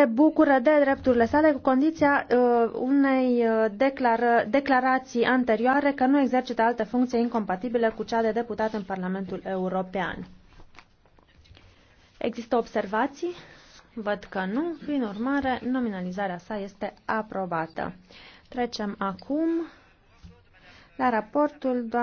se bucură de drepturile sale cu condiția uh, unei uh, declară, declarații anterioare că nu exercită alte funcții incompatibile cu cea de deputat în Parlamentul European. Există observații? Văd că nu. Prin urmare, nominalizarea sa este aprobată. Trecem acum la raportul doamnei.